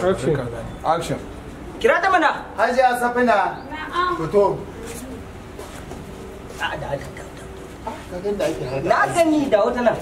action kira ta mana hajiya safina fito na gani da wata nan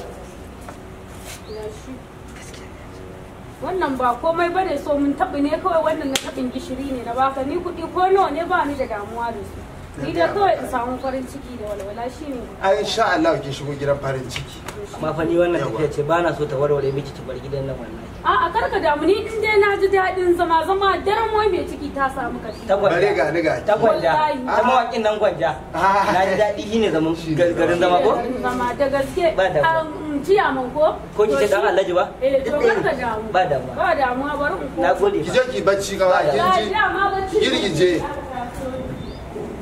wannan ba komai bane so mun tabi ne kawai wannan na tabin gishiri ne na baka ni kuɗi ko nawa ne ba ni da damuwa da su Ni da kawai in samu farin ciki da walwala shi ne. Ai insha Allah kin shigo gidan farin ciki. Amma fa ni wannan tafiya ce ba na so ta warware miki ki bar gidan nan wannan. a kar ka damu ni in dai na ji daɗin zama zama daren wai mai ciki ta samu kashi. Ta gwanja. Bare ga ni ga. Ta gwanja. Ta mawaƙin nan gwanja. Ah. Na ji daɗi shine zaman garin zama ko? Zama da gaske. Ba da um, jiya man ko? Ko ki ce dan Alhaji ba? Eh to kar ka damu. Ba damu. Ba damuwa bari ku. Na gode. Ki je ki bacci kawai kin ji. je.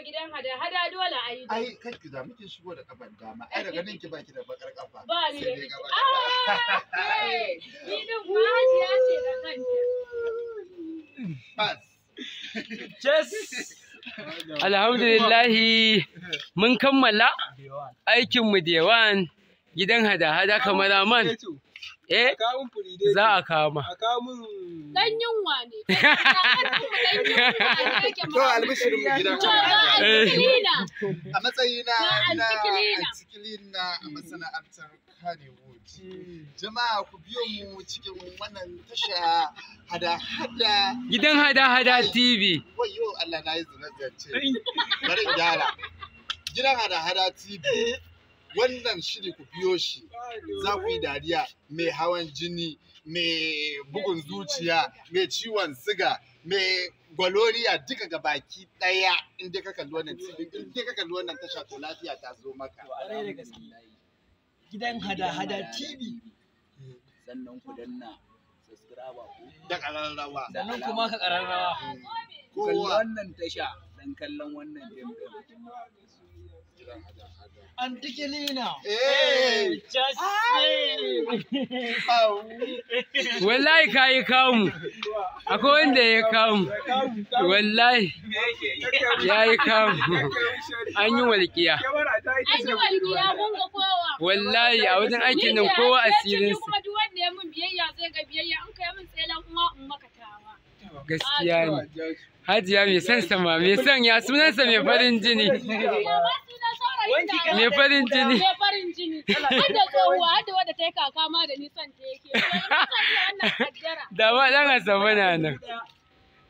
gidan hada-hada dole a da kafan bakar kafa. Ba ni da ah, ni. da kanta. mun kammala aikinmu yawan gidan hada-hada kamar man. Eh? Za a kama. Dan To albishir mu gidan. To A matsayina na a masana'antar Hollywood. ku biyo mu cikin wannan tasha hada-hada. Gidan hada-hada TV. Wayo Allah na yi Bari gyara. Gidan hada-hada TV. wannan shiri ku biyo shi za ku yi dariya mai hawan jini mai bugun zuciya mai ciwon siga mai gwaloriya duka ga baki daya in dai ka kalli wannan in dai ka kalli wannan tasha to lafiya ta zo maka gidan hada-hada tv sannan ku danna da kararrawa sannan kuma ka ƙararrawa ko wannan tasha dan kallon wannan din Eh. Wallahi ka yi kamu. Akwai wanda ya kamu. Wallahi. Ya yi kawo An yi walƙiya. An yi walƙiya Wallahi a wajen aikin nan kowa asirinsa. gaskiya ne hajiya mai son sama mai son ya mai farin jini mai farin jini mai farin jini da ma dan asaba na nan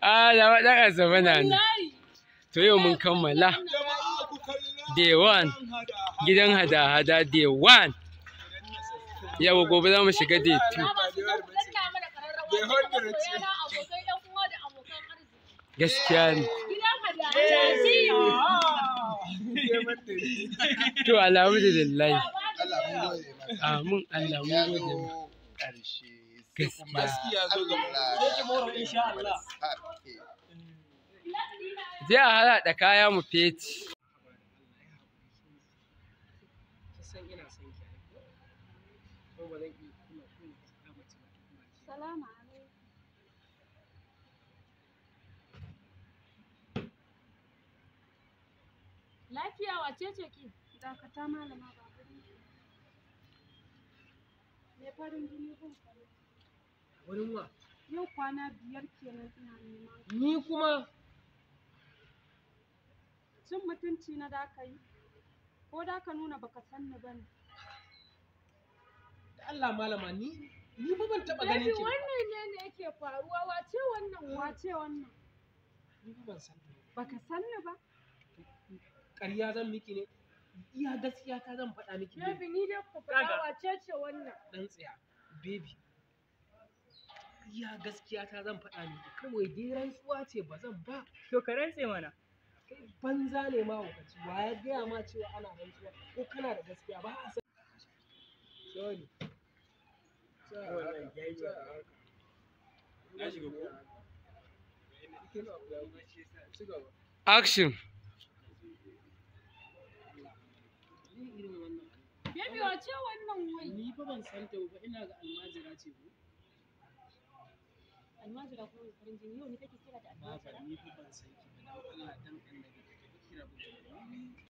a da ma dan asaba na nan to yau mun kammala day one gidan hada-hada day one yawa gobe za mu shiga day two gaskiya ne eh. to alhamdulillah amin Allah mun gode gaskiya zai a hada da kaya mu feti Salama lafiya wace ce ki? Dakata malama ba gurin Me farin jini gun farin. Wurin wa? Yau kwana biyar kenan ina nema. Ni kuma? Cin mutunci na da ka yi, ko da ka nuna baka san ni ba ne. Da Allah malama ni ni ba ban taɓa ganin ki. wannan ne ne yake faruwa wace wannan wace wannan. Ni ba ban san ni Baka san ni ba? ƙarya zan miki ne iya gaskiya ta zan faɗa miki ne baby ni dai ku faɗa wace ce wannan dan tsaya baby iya gaskiya ta zan faɗa miki kawai dai rantsuwa ce ba zan ba to ka rantse mana banza ne ma wakaci wa ya gaya ma cewa ana rantsuwa ko kana da gaskiya ba a san sorry Action. yin irin wannan kai baby wace wannan wai ni fa ban san ta ba ina ga almajira ce ko almajira ko farin jini yau ni kake kira da almajira ni fa ban san ki ba Allah dan annabi kake kira ba